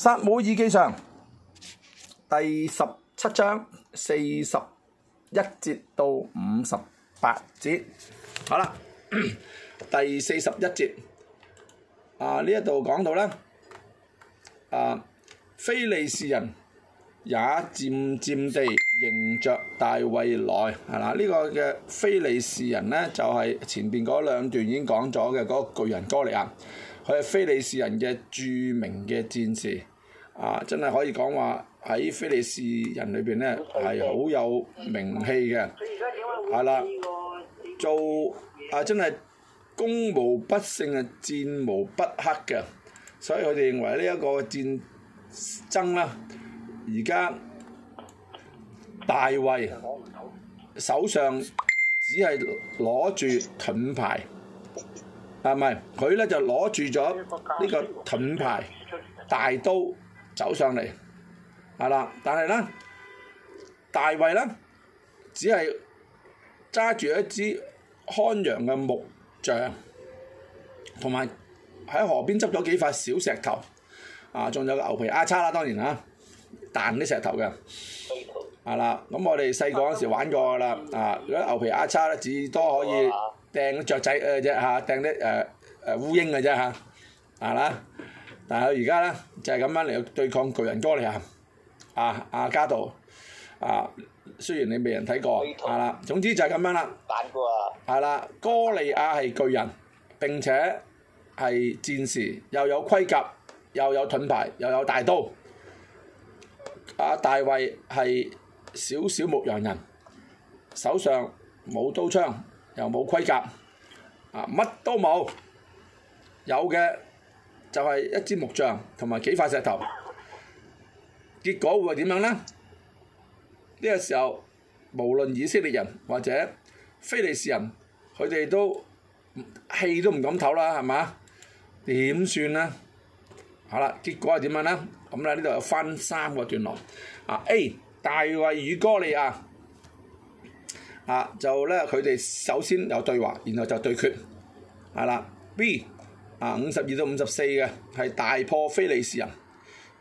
撒母耳記上第十七章四十一節到五十八節，好啦，第四十一節啊，呢一度講到咧啊，非利士人也漸漸地迎着大衛來，係啦，呢、這個嘅非利士人咧就係、是、前邊嗰兩段已經講咗嘅嗰個巨人哥利亞。佢係非利士人嘅著名嘅戰士，啊，真係可以講話喺非利士人裏邊呢，係好有名氣嘅，係、啊、啦，做啊真係攻無不勝啊，戰無不克嘅，所以佢哋認為呢一個戰爭啦，而家大衛手上只係攞住盾牌。啊唔係，佢咧就攞住咗呢個盾牌、大刀走上嚟，係啦，但係咧，大衛咧只係揸住一支看羊嘅木杖，同埋喺河邊執咗幾塊小石頭，啊，仲有個牛皮阿叉啦，當然啊，彈啲石頭嘅，係啦，咁我哋細個嗰時玩過噶啦，啊，如果牛皮阿叉咧，至多可以。掟雀仔誒啫嚇，掟啲誒誒烏蠅嘅啫嚇，係啦。但係佢而家咧就係咁樣嚟對抗巨人哥利亞，啊啊加道，啊雖然你未人睇過，係啦。總之就係咁樣啦。玩過啊！係啦，哥利亞係巨人，並且係戰士，又有盔甲，又有盾牌，又有大刀。啊！大衛係小小牧羊人，手上冇刀槍。又冇盔甲，啊乜都冇，有嘅就係一支木杖同埋幾塊石頭，結果會係點樣呢？呢個時候，無論以色列人或者非利士人，佢哋都氣都唔敢唞啦，係嘛？點算呢？好啦，結果係點樣呢？咁咧呢度有分三個段落，啊 A 大衛與歌利亞。啊，就咧佢哋首先有對話，然後就對決，係、啊、啦。B，啊五十二到五十四嘅係大破非利士人，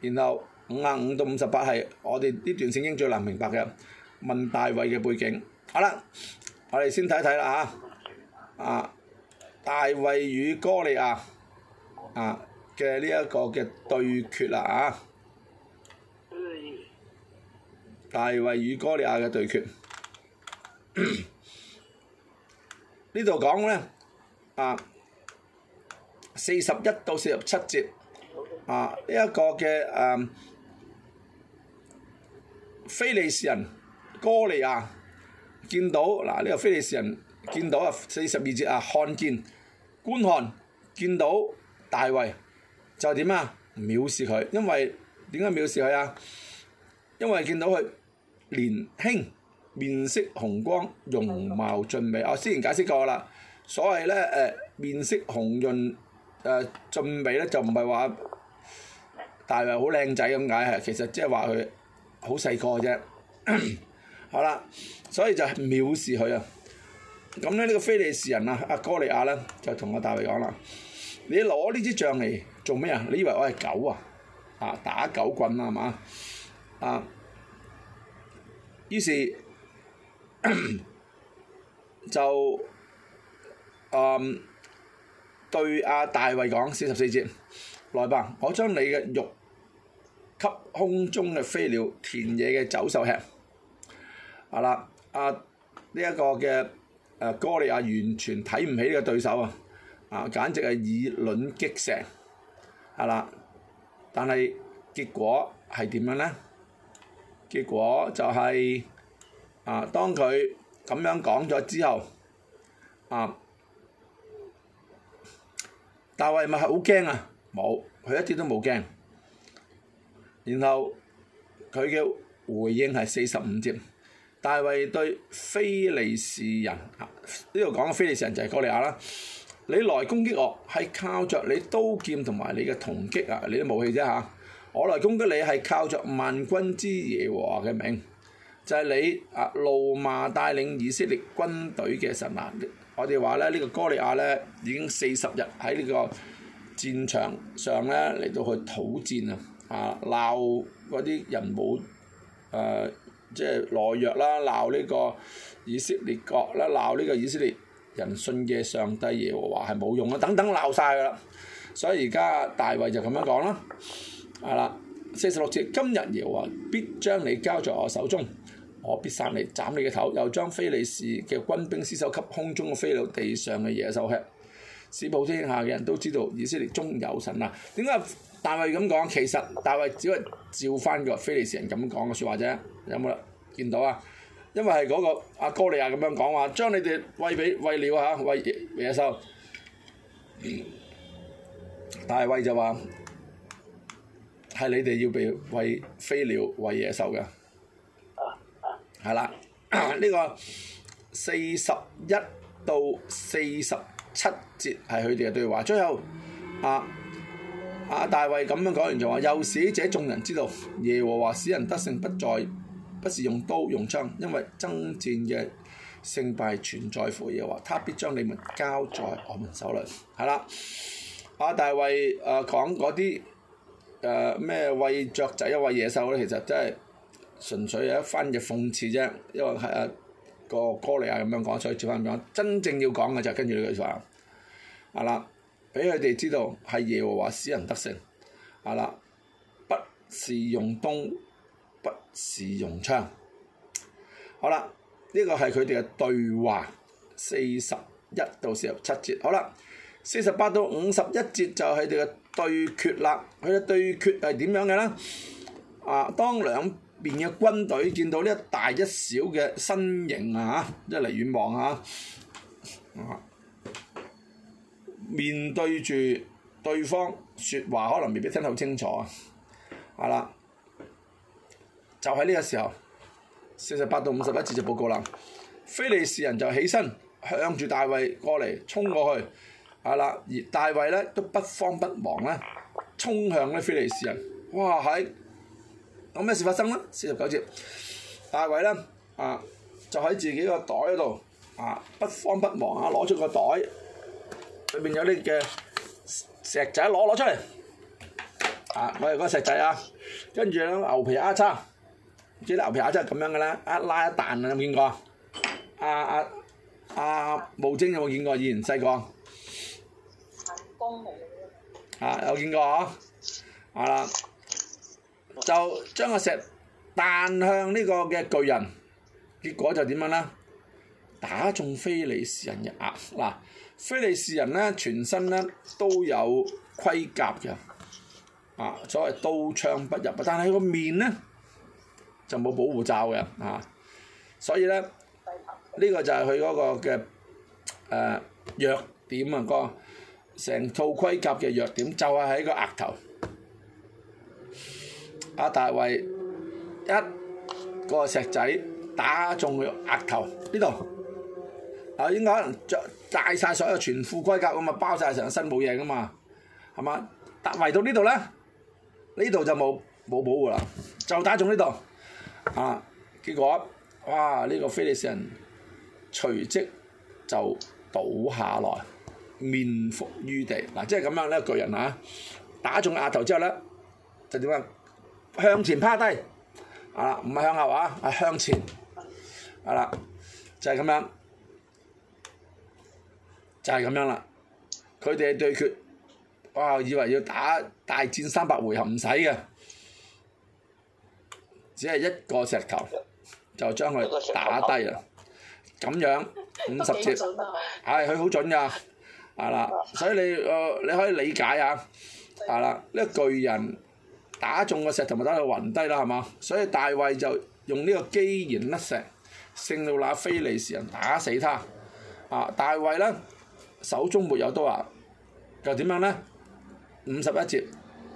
然後五十五到五十八係我哋呢段聖經最難明白嘅，問大衛嘅背景。好、啊、啦，我哋先睇睇啦嚇，啊大衛與哥利亞啊嘅呢一個嘅對決啦、啊、嚇、啊，大衛與哥利亞嘅對決。呢度講咧，啊，四十一到四十七節，啊呢一個嘅誒，非利士人哥利亞見到嗱，呢個非利士人見到啊，四十二節啊看見觀看，見到大衛就點啊，藐視佢，因為點解藐視佢啊？因為見到佢年輕。面色紅光，容貌俊美。我先前解釋過啦，所謂咧誒面色紅潤誒俊美咧，就唔係話大衛好靚仔咁解係，其實即係話佢好細個啫。好啦，所以就藐視佢啊。咁咧呢個非利士人啊，阿哥利亞咧就同阿大衛講啦，你攞呢支杖嚟做咩啊？你以為我係狗啊？啊，打狗棍啊嘛？啊，於是。就誒對阿大衛講，四十四節，來吧，我將你嘅肉給空中嘅飛鳥、田野嘅走獸吃。係啦，啊呢一個嘅誒哥利亞完全睇唔起呢個對手啊！啊，簡直係以卵擊石。係啦，但係結果係點樣咧？結果就係。啊！當佢咁樣講咗之後，啊！大衛咪係好驚啊？冇，佢一啲都冇驚。然後佢嘅回應係四十五節。大衛對非利士人，呢度講嘅非利士人就係哥利亞啦。你來攻擊我，係靠著你刀劍同埋你嘅銅擊啊！你啲武器啫嚇。我來攻擊你係靠著萬軍之耶和華嘅名。就係你啊！怒罵帶領以色列軍隊嘅神啊！我哋話咧，呢、這個哥利亞咧已經四十日喺呢個戰場上咧嚟到去討戰啊！啊鬧嗰啲人冇誒，即係懦弱啦，鬧、啊、呢個以色列國啦，鬧、啊、呢個以色列人信嘅上帝耶和華係冇用啊！等等鬧曬啦，所以而家大衛就咁樣講啦，係、啊、啦，四十六節，今日耶和華必將你交在我手中。我必殺你，斬你嘅頭，又將非利士嘅軍兵屍首給空中嘅飛鳥、地上嘅野獸吃，使普天下嘅人都知道以色列中有神啊！點解大衛咁講？其實大衛只係照翻個非利士人咁講嘅説話啫，有冇啦？見到啊？因為係嗰、那個阿哥利亞咁樣講話，將你哋餵俾餵鳥嚇，餵野野獸、嗯。大衛就話係你哋要被餵飛鳥、餵野獸嘅。係啦，呢、這個四十一到四十七節係佢哋嘅對話。最後，阿、啊、阿、啊、大衛咁樣講完就話：又使這眾人知道，耶和華使人得勝，不在不是用刀用槍，因為爭戰嘅勝敗全在乎耶和華，他必將你們交在我們手裏。係啦，阿、啊、大衛誒講嗰啲誒咩喂雀仔，喂野獸咧，其實真、就、係、是。純粹有一番嘅諷刺啫，因為係阿個哥利亞咁樣講，所以接翻咁講。真正要講嘅就係跟住呢句話。係啦，俾佢哋知道係耶和華使人得勝。係啦，不是用刀，不是用槍。好啦，呢個係佢哋嘅對話，四十一到四十七節。好啦，四十八到五十一節就係佢哋嘅對決啦。佢嘅對決係點樣嘅咧？啊，當兩邊嘅軍隊見到呢一大一小嘅身形，啊嚇，一嚟遠望啊，啊面對住對方説話，可能未必聽得好清楚啊。係、啊、啦，就喺呢個時候，四十八到五十一節就報告啦。非利士人就起身向住大衛過嚟衝過去，係、啊、啦，而大衛咧都不慌不忙咧，衝向咧非利士人，哇喺～咁咩事發生咧？四十九節，大衛咧啊，就喺自己個袋嗰度啊，不慌不忙啊，攞出個袋裏邊有啲嘅石仔攞攞出嚟啊！我哋嗰石仔啊，跟住咧牛皮鈎叉，啲牛皮鈎叉咁樣噶啦，一拉一彈有冇見過？啊啊啊！無精有冇見過？以前細個啊，有見過嗬？啊啦～就將個石彈向呢個嘅巨人，結果就點樣呢？打中非利士人嘅額嗱，非利士人咧全身咧都有盔甲嘅，啊所謂刀槍不入，但係佢個面咧就冇保護罩嘅啊，所以咧呢個就係佢嗰個嘅誒弱點啊，個成套盔甲嘅弱點就係喺個額頭。阿、啊、大衛一個石仔打中佢額頭呢度，啊應該可能著晒所有全副盔甲咁啊，包晒成身冇嘢噶嘛，係嘛？但係圍到呢度咧，呢度就冇冇保護啦，就打中呢度，啊結果哇呢、呢個非利士人隨即就倒下來，面伏於地嗱，即係咁樣咧，巨人啊，打中額頭之後咧就點啊？向前趴低，啊，唔係向後啊，向前，啊啦，就係、是、咁樣，就係、是、咁樣啦。佢哋嘅對決，哇！以為要打大戰三百回合唔使嘅，只係一個石頭就將佢打低啊。咁樣五十節，係佢好準㗎，啊啦，所以你，哦，你可以理解啊，啊啦，呢、這個巨人。打中個石同咪打到暈低啦，係嘛？所以大衛就用呢個機緣甩石，勝了那菲利士人，打死他。啊，大衛咧手中沒有刀啊，就點樣咧？五十一節，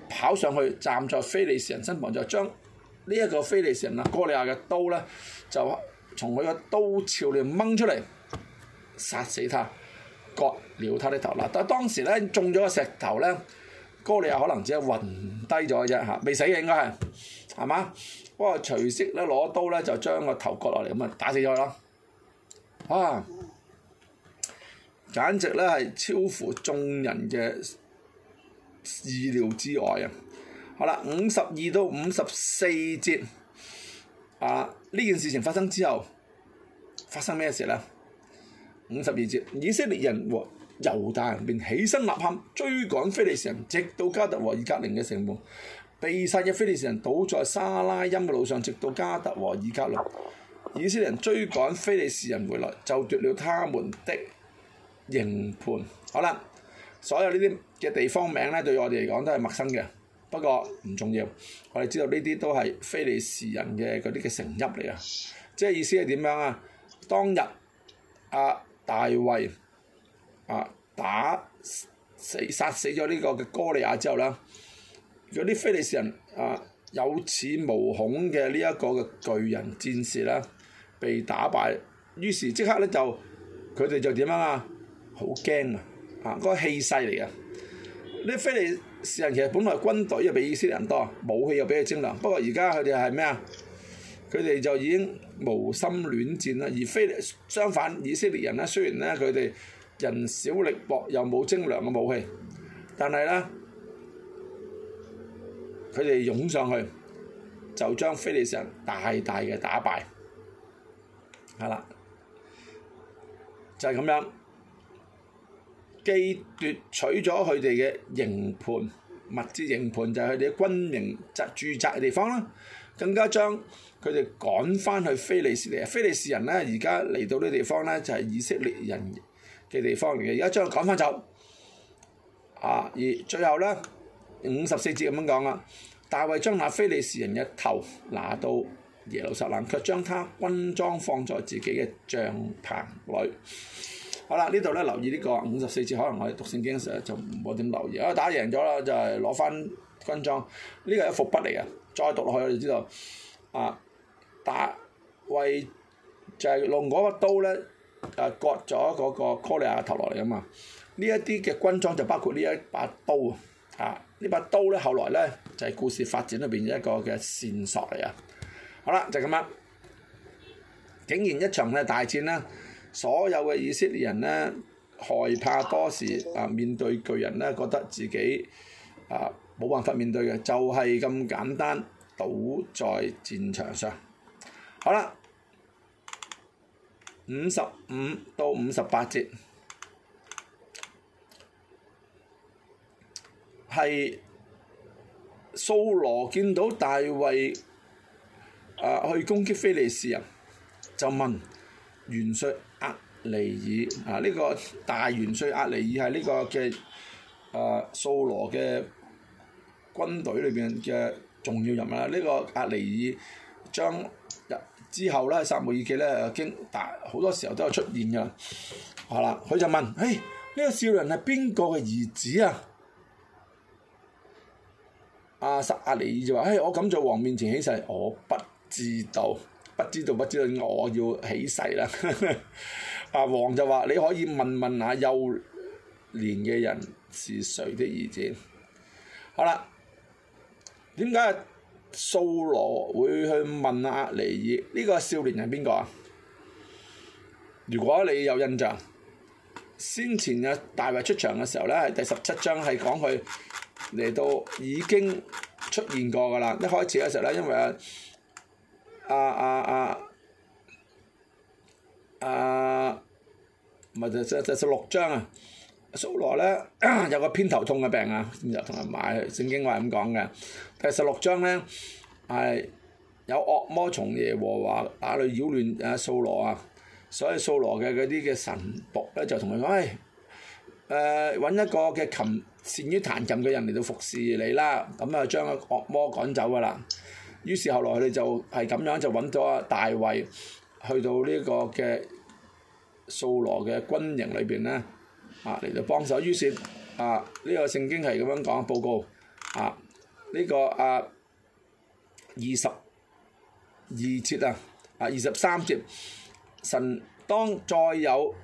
跑上去，站在菲利士人身旁，就將呢一個菲利士人啊哥利亞嘅刀咧，就從佢個刀鞘裏掹出嚟，殺死他，割了他的頭。嗱，但當時咧中咗個石頭咧。哥利亞可能只係暈低咗嘅啫嚇，未死嘅應該係，係嘛？哇！隨即咧攞刀咧就將個頭割落嚟，咁啊打死咗佢咯！哇！簡直咧係超乎眾人嘅意料之外啊！好啦，五十二到五十四節啊，呢件事情發生之後，發生咩事咧？五十二節，以色列人和猶大人便起身吶喊，追趕非利士人，直到加特和以革倫嘅城門。被殺嘅非利士人倒在沙拉音嘅路上，直到加特和以革倫。以色列人追趕非利士人回來，就奪了他們的營盤。好啦，所有呢啲嘅地方名咧，對我哋嚟講都係陌生嘅，不過唔重要。我哋知道呢啲都係非利士人嘅嗰啲嘅城邑嚟啊。即係意思係點樣啊？當日阿、啊、大衛。啊！打死殺死咗呢個嘅哥利亞之後啦，嗰啲非利士人啊有恃無恐嘅呢一個嘅巨人戰士啦，被打敗，於是即刻咧就佢哋就點樣啊？好驚啊！啊，嗰個氣勢嚟嘅。呢非利士人其實本來軍隊又比以色列人多，武器又比佢精良，不過而家佢哋係咩啊？佢哋就已經無心戀戰啦。而非相反，以色列人咧雖然咧佢哋。人少力薄又冇精良嘅武器，但係呢，佢哋湧上去就將非利士人大大嘅打敗，係啦，就係咁樣，既奪取咗佢哋嘅營盤，物資營盤就係佢哋軍營集駐紮嘅地方啦，更加將佢哋趕返去非利士嚟。非利士人呢，而家嚟到呢地方呢，就係以色列人嘅地方嚟嘅，而家將佢趕翻走，啊！而最後咧，五十四節咁樣講啊，大衛將那非利士人嘅頭拿到耶路撒冷，卻將他軍裝放在自己嘅帳棚裏。好啦，這呢度咧留意呢、呢個五十四節，可能我哋讀聖經嘅時候就唔好點留意，啊，打贏咗啦，就係攞翻軍裝。呢個係一伏筆嚟啊！再讀落去我哋知道，啊大衛就係攞嗰把刀咧。割咗嗰個歌利亞頭落嚟啊嘛！呢一啲嘅軍裝就包括呢一把刀啊，啊呢把刀咧後來咧就係故事發展裏邊一個嘅線索嚟啊。好啦，就咁樣，竟然一場嘅大戰啦，所有嘅以色列人咧害怕多時啊，面對巨人咧覺得自己啊冇辦法面對嘅，就係咁簡單，倒在戰場上。好啦。五十五到五十八節，係掃羅見到大衛啊、呃、去攻擊非利士人，就問元帥押尼珥啊，呢、這個大元帥押尼珥係呢個嘅啊掃羅嘅軍隊裏邊嘅重要人物啦。呢、這個押尼珥將之後咧，撒母耳記咧經大好多時候都有出現㗎，好啦。佢就問：，誒呢、哎這個少人係邊個嘅兒子啊？阿撒阿利爾就話：，誒、哎、我敢在王面前起誓，我不知道，不知道，不知道，我要起誓啦。阿、啊、王就話：，你可以問問下幼年嘅人是誰的兒子。好啦，點解？蘇羅，會去問阿尼爾，呢個少年係邊個啊？如果你有印象，先前阿大衛出場嘅時候咧，係第十七章係講佢嚟到已經出現過㗎啦。一開始嘅時候咧，因為阿阿阿阿，唔係就就就十六章啊。掃羅咧有個偏頭痛嘅病啊，咁就同人買聖經話係咁講嘅，第十六章咧係有惡魔從耶和華那裏擾亂誒掃羅啊，所以掃羅嘅嗰啲嘅臣僕咧就同佢講，誒揾一個嘅琴善於彈琴嘅人嚟到服侍你啦，咁啊將個惡魔趕走㗎啦。於是後來佢哋就係咁樣就揾咗大衛去到呢個嘅掃羅嘅軍營裏邊咧。啊！嚟到幫手，於是啊，呢、這個聖經係咁樣講報告啊，呢個啊二十二節啊，啊二十三節，神當再有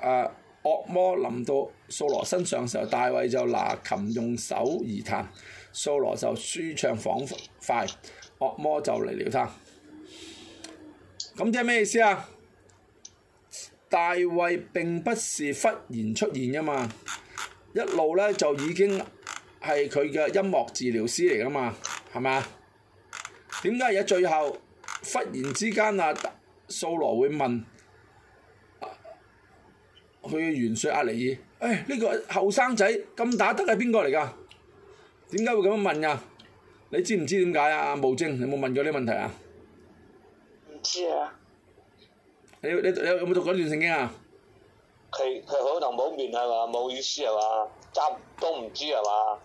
啊惡魔臨到掃羅身上時候，大衛就拿琴用手而彈，掃羅就舒暢仿佛快，惡魔就離了他。咁即係咩意思啊？大衛並不是忽然出現噶嘛，一路咧就已經係佢嘅音樂治療師嚟噶嘛，係咪啊？點解而家最後忽然之間啊，掃羅會問佢元帥押尼，啊、珥？誒、哎、呢、這個後生仔咁打得係邊個嚟㗎？點解會咁樣問㗎？你知唔知點解啊？無你有冇問過呢個問題啊？唔知啊！你你你有冇讀嗰段聖經啊？佢佢可能冇面係嘛，冇意思係嘛，都唔知係嘛。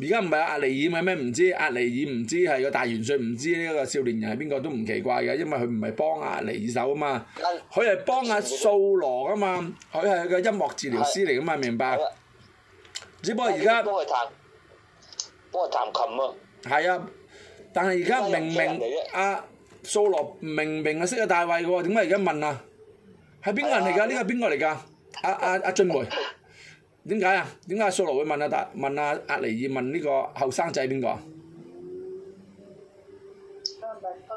而家唔係押尼珥係咩？唔知押尼珥唔知係個大元帥，唔知呢個少年人係邊個都唔奇怪嘅，因為佢唔係幫押尼珥手啊嘛，佢係幫掃羅啊嘛，佢係個音樂治療師嚟啊嘛，的明白？的只不過而家幫佢彈，幫佢彈琴啊！係啊，但係而家明明阿。掃羅明明係識阿大衛嘅喎，點解而家問啊？係邊個人嚟㗎？呢個係邊個嚟㗎？阿阿阿俊梅點解啊？點解掃羅會問阿大問阿押尼珥問呢個後生仔邊個？係咪覺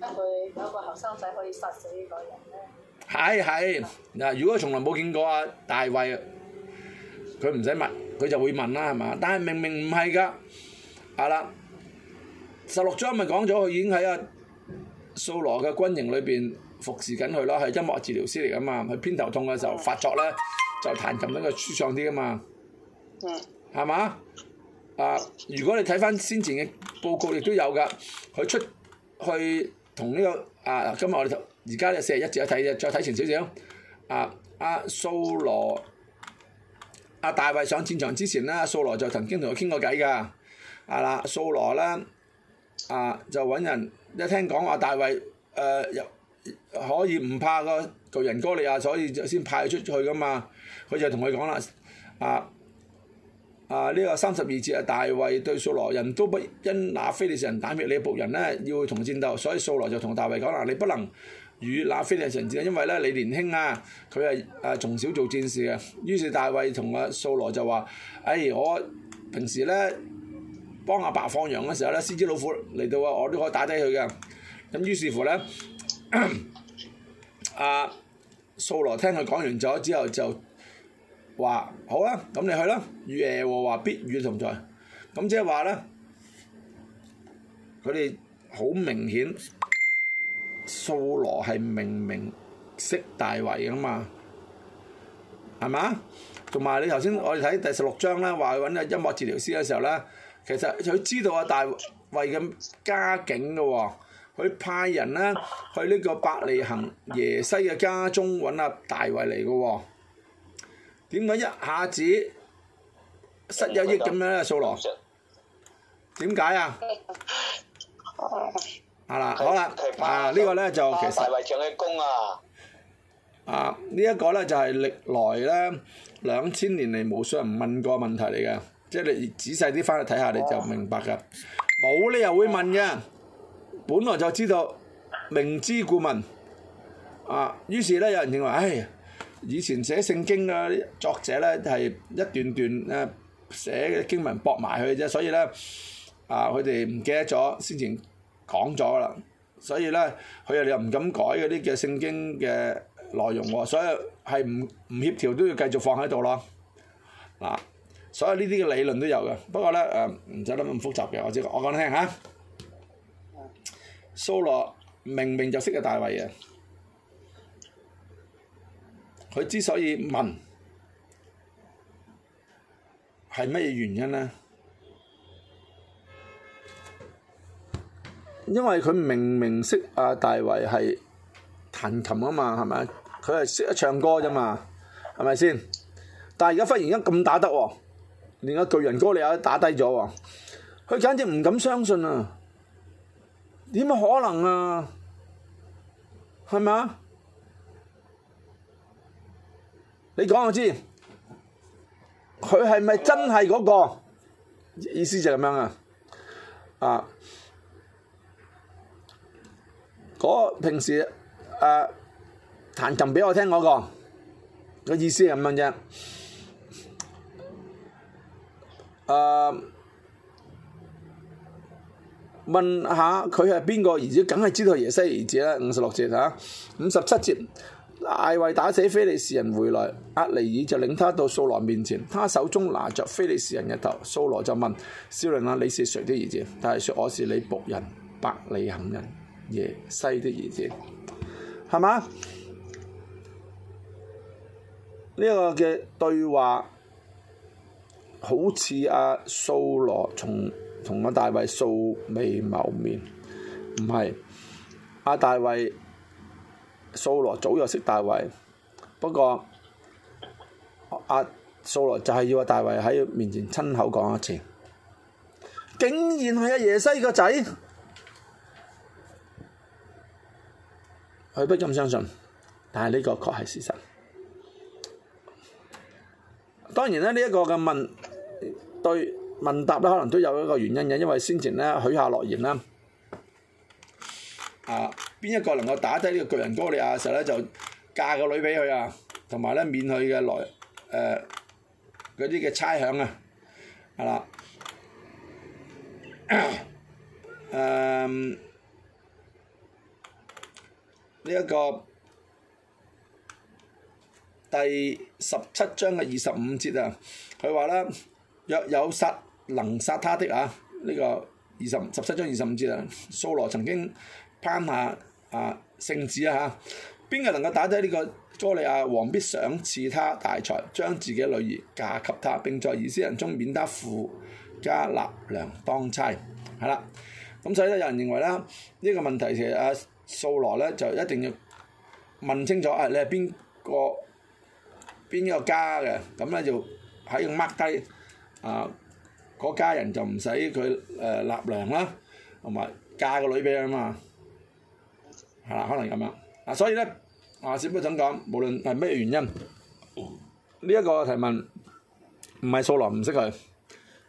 得佢嗰個後生仔可以殺死呢個人咧？係係，嗱，如果從來冇見過阿大衛，佢唔使問，佢就會問啦，係嘛？但係明明唔係㗎，係啦。十六章咪講咗佢已經喺阿。掃羅嘅軍營裏邊服侍緊佢咯，係音樂治療師嚟噶嘛，佢偏頭痛嘅時候發作咧，就彈琴畀佢舒暢啲噶嘛，嗯，係嘛？啊，如果你睇翻先前嘅報告，亦都有噶，佢出去同呢、這個啊，今日我哋而家嘅四十一節一睇嘅，再睇前少少，啊啊掃羅阿、啊、大衛上戰場之前咧，掃羅就曾經同佢傾過偈噶，啊啦，掃羅咧啊就揾人。一聽講話，大衛誒、呃、可以唔怕個巨人哥利亞，所以就先派佢出去噶嘛。佢就同佢講啦，啊啊呢、這個三十二節啊，大衛對掃羅人都不因那非利士人膽怯你人，你僕人咧要同佢戰鬥，所以掃羅就同大衛講啦，你不能與那非利士人戰，因為咧你年輕啊，佢係誒從小做戰士嘅。於是大衛同阿掃羅就話：哎，我平時咧。幫阿爸放羊嘅時候咧，獅子老虎嚟到啊，我都可以打低佢嘅。咁於是乎咧，阿素羅聽佢講完咗之後就話：好啦，咁你去啦。與耶和華必與同在。咁即係話咧，佢哋好明顯，素羅係明明識大衛㗎嘛，係嘛？同埋你頭先我哋睇第十六章咧，話去揾個音樂治療師嘅時候咧。其實佢知道阿大衛嘅家境嘅喎，佢派人咧去呢個伯利恆耶西嘅家中揾阿大衛嚟嘅喎，點解一下子失咗憶咁樣咧？掃羅，點解啊？啊嗱，好啦，啊呢個咧就其實大衛長嘅功啊，啊呢一個咧就係歷來咧兩千年嚟無數人問過問題嚟嘅。即係你仔細啲翻去睇下，你就明白㗎。冇理由會問嘅，本來就知道，明知故問。啊，於是咧有人認為，唉，以前寫聖經嘅作者咧係一段段誒寫嘅經文駁埋去嘅啫，所以咧啊，佢哋唔記得咗，先前講咗啦。所以咧，佢哋又唔敢改嗰啲嘅聖經嘅內容喎，所以係唔唔協調都要繼續放喺度咯。嗱。所有呢啲嘅理論都有嘅，不過咧誒唔使諗咁複雜嘅。我只我講你聽吓，掃羅明明就識阿大衛嘅，佢之所以問係乜嘢原因咧？因為佢明明識阿大衛係彈琴啊嘛，係咪啊？佢係識得唱歌啫嘛，係咪先？但係而家忽然間咁打得喎！另一個巨人哥你又打低咗喎，佢簡直唔敢相信啊！點可能啊？係咪啊？你講我知，佢係咪真係嗰個意思就係咁樣啊？嗰平時誒彈琴畀我聽嗰個嘅意思係咁樣啫。誒、uh, 問下佢係邊個兒子，梗係知道耶西兒子啦，五十六節嚇，五十七節，亞、uh, 衛打死非利士人回來，厄尼爾就領他到掃羅面前，他手中拿着非利士人嘅頭，掃羅就問：，少年啊，你是誰的兒子？，但係說我是你僕人，伯利恆人，耶西的兒子，係嘛？呢、這個嘅對話。好似阿掃羅從同阿大衛素未謀面，唔係阿大衛，掃羅早就識大衛，不過阿掃、啊、羅就係要阿大衛喺佢面前親口講一次，竟然係阿耶西個仔，佢不敢相信，但係呢個確係事實。當然啦，呢、這、一個嘅問。對問答咧，可能都有一個原因嘅，因為先前咧許下諾言啦、啊，啊邊一個能夠打低呢個巨人哥利亞嘅時候咧，就嫁個女俾佢啊，同埋咧免去嘅來誒嗰啲嘅猜想啊，係啦。誒呢一個第十七章嘅二十五節啊，佢話咧。若有殺能殺他的啊！呢、這個二十十七章二十五節啊，掃羅曾經攀下啊聖旨啊，吓，邊個能夠打低呢個哥利亞王，必賞賜他大財，將自己女兒嫁給他，並在以色列中免得父家納糧當差。係啦。咁所以咧，有人認為咧，呢、這個問題其實啊，掃羅咧就一定要問清楚啊，你係邊個邊一個家嘅？咁咧就喺度 mark 低。啊！嗰家人就唔使佢誒納糧啦，同埋嫁個女俾佢啊嘛，係啦，可能咁樣。嗱，所以咧，啊，至於點講，無論係咩原因，呢一個提問唔係掃羅唔識佢，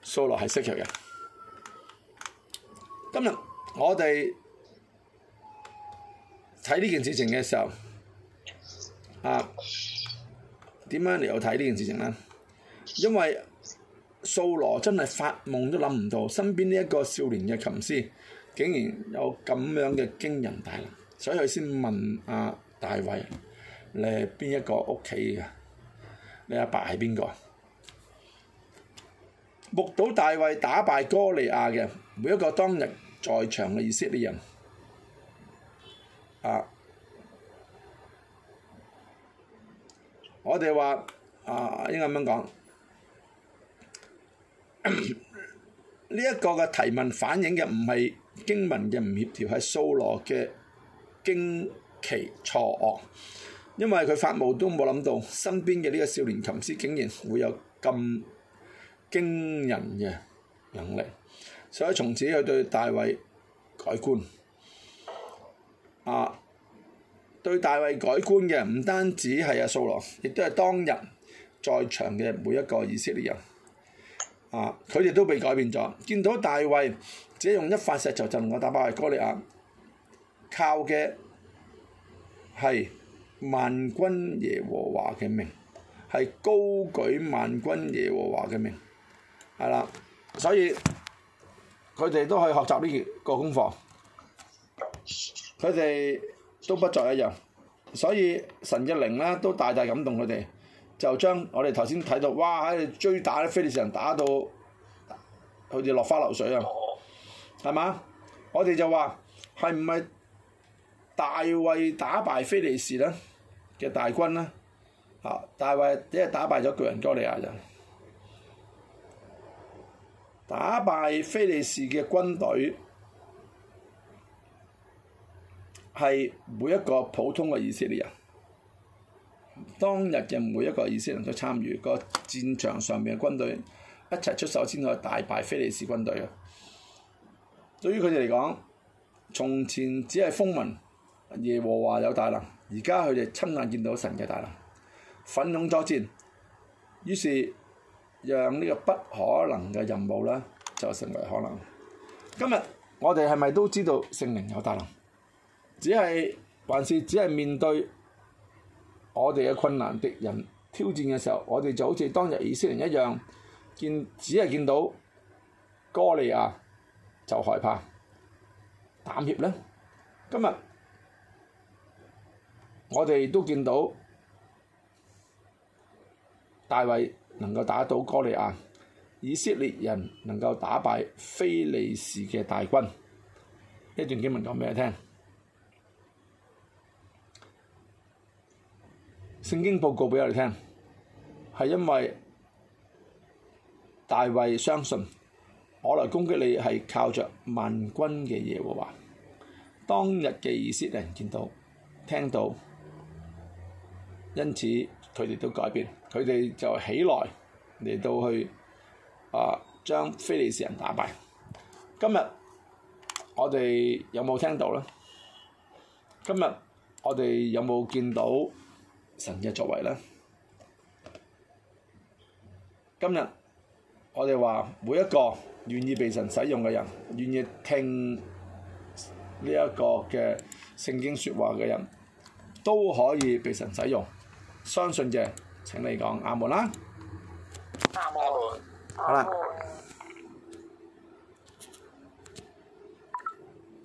掃羅係識佢嘅。今日我哋睇呢件事情嘅時候，啊，點樣嚟睇呢件事情咧？因為素掃羅真係發夢都諗唔到，身邊呢一個少年嘅琴師，竟然有咁樣嘅驚人大能，所以佢先問啊大衛：你係邊一個屋企嘅？你阿爸係邊個？目睹大衛打敗歌利亞嘅每一個當日在場嘅以色列人，啊！我哋話啊，應該咁樣講。呢一 個嘅提問反映嘅唔係經文嘅唔協調，係掃羅嘅驚奇錯愕，因為佢發夢都冇諗到身邊嘅呢個少年琴師竟然會有咁驚人嘅能力，所以從此佢對大衛改觀。啊，對大衛改觀嘅唔單止係阿掃羅，亦都係當日在場嘅每一個以色列人。啊！佢哋都被改變咗，見到大衛只用一塊石頭就同我打爆哥利亞，靠嘅係萬軍耶和華嘅名，係高舉萬軍耶和華嘅名，係啦，所以佢哋都可以學習呢個功課，佢哋都不再一樣，所以神嘅靈咧都大大感動佢哋。就將我哋頭先睇到，哇喺度追打啲菲利士人，打到佢哋落花流水啊，係嘛？我哋就話係唔係大衛打敗菲利士咧嘅大軍咧？啊，大衛一係打敗咗巨人哥利亞人，打敗菲利士嘅軍隊係每一個普通嘅以色列人。當日嘅每一個以色列人都參與嗰個戰場上面嘅軍隊，一齊出手先可以大敗非利士軍隊啊！對於佢哋嚟講，從前只係風聞耶和華有大能，而家佢哋親眼見到神嘅大能，奮勇作戰，於是讓呢個不可能嘅任務啦，就成為可能。今日我哋係咪都知道聖靈有大能？只係還是只係面對我哋嘅困難、敵人、挑戰嘅時候，我哋就好似當日以色列一樣，見只係見到哥利亞就害怕膽怯呢？今日我哋都見到大衛能夠打倒哥利亞，以色列人能夠打敗非利士嘅大軍。一段經文講俾你聽。聖經報告俾我哋聽，係因為大衛相信，我來攻擊你係靠着萬軍嘅耶和華。當日嘅以色列人見到、聽到，因此佢哋都改變，佢哋就起來嚟到去啊將非利士人打敗。今日我哋有冇聽到咧？今日我哋有冇見到？神嘅作為啦，今日我哋話每一個願意被神使用嘅人，願意聽呢一個嘅聖經説話嘅人，都可以被神使用。相信嘅請你講阿門啦。阿門。好啦。